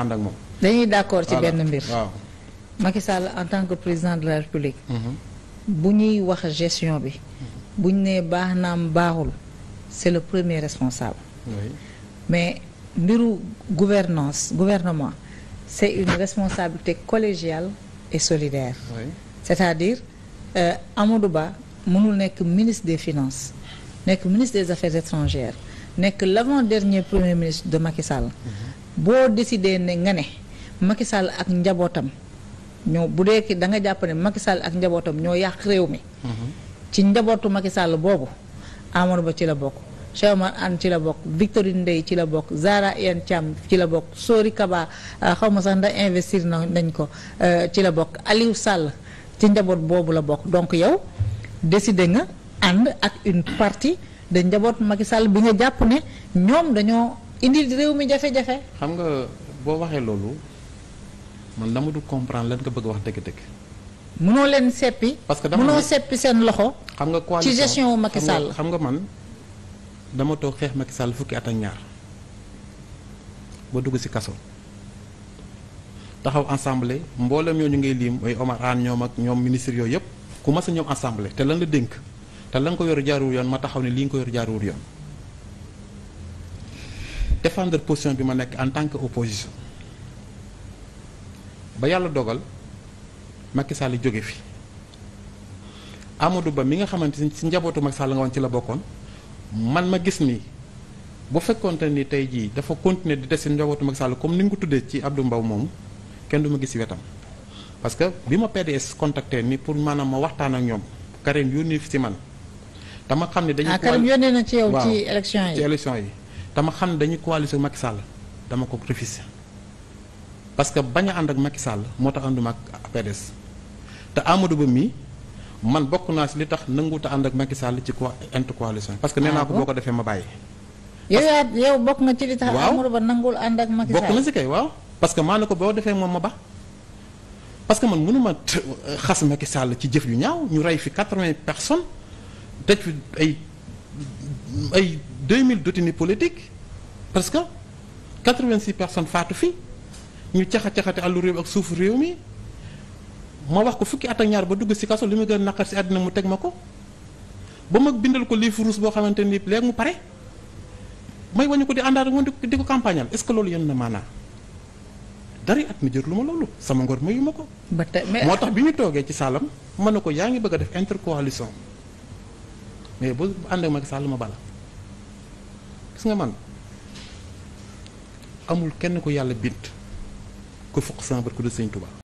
ànd ak moom. dañuy d'accord ci benn mbir. waaw Sall en tant que président de la République. Mhm. bu ñuy wax gestion bi. bu ñu nee baax naam baaxul c'est le premier responsable. mais mbiru gouvernance gouvernement c'est une responsabilité collégiale et solidaire. Oui. c'est-à-dire euh, Amadou Ba mënul nekk ministre des finances nekk ministre des affaires étrangères nekk l'avant-dernier premier ministre de Macky Sall. Mhm. boo décidé ne nga ne Macky Sall ak njabootam ñoo bu dee ki da nga jàpp ne Macky Sall ak njabootam ñoo yàq réew mi. Mm-hmm. ci njabootu Macky Sall boobu Amadou Ba ci la bokk. Cheikh Omar ci la bokk Victorine Ndeye ci la bokk Zahra Iyane Thiam ci la bokk Sori Kaba euh, xaw ma sax ndax investir nañ ko euh, ci la bokk aliw sàll ci njaboot boobu la bokk donc yow décidé nga ànd ak une partie de njaboot Macky Sall bi nga jàpp ne ñoom dañoo. indi réew mi jafe-jafe. xam nga boo waxee loolu man dama du comprendre lan ko bëgg wax dëgg-dëgg. mënoo leen seppi. parce que dama mënoo seppi seen loxo. xam nga coalition ci gestion wu Macky Sall xam nga man dama toog xeex Macky Sall fukki at ak ñaar ba dugg ci kaso. taxaw assemblée mboolem ñoo ñu ngay lim ay Omar Anne ñoom ak ñoom ministre yooyu yëpp ku mas a ñoom assemblée te lan la dénk te lan ko yor jaaruwul yoon ma taxaw ne li nga ko yor jaaruwul yoon. défendre position bi ma nekk en tant que opposition ba yàlla dogal Macky Sall jóge fi Amadou Ba mi nga xamante ni si njabootu Macky Sall nga woon ci la bokkoon man ma gis nii bu fekkonte ni tey jii dafa continuer di des si njabootu Macky Sall comme ni nga ko tuddee ci Abdou mbaw moomu kenn du ma gis wetam parce que bi ma PDS contacté ni pour maanaam ma waxtaan ak ñoom Karim yónnee fi si man dama xam ne dañu. ah Karim yónnee na ci yow ci élection yi ci élection yi. dama xam ne dañuy coalition Macky Sall dama ko refusé parce que bañ a ànd ak Macky Sall moo tax ànduma ak PDS te Amadou Ba mii man bokk naa si li tax nanguta ànd ak Macky Sall ci co inter coalition. parce que nee naa ko ah, boo ko defee ma bàyyi. yow yow bokk na ci li tax. waaw Amadou Ba nangul ànd ak Macky bokk na si kay waaw. parce que maa ko boo defee moom ma ba parce que man mënu ma euh, xas Macky Sall ci jëf yu ñaaw ñu rey fi quatre-vingts personnes tëj fi ay ay deux mille détenus politiques parce que 86 personnes faatu fi ñu caxa-caxate àllu réew ak suufu réew mi ma wax ko fukki atak ñaar ba dugg si kaso li ma gën a naqar si àddina mu teg ma ko ba mag bindal ko livre rouge boo xamante ni léegi mu pare may wañu ko di àndaat ak moom di ko campagnal est loolu yenn na maanaa dari at mi jër lu ma loolu sama ngor mayu ma ko moo tax bi ñu toogee ci saalam mën na ko yaa ngi bëgg a def intercoalition mais bu ànd mag Macky Sall ma bala gis man amul kenn ko yàlla bind ko fukk san barke de Sëñ Tuubaa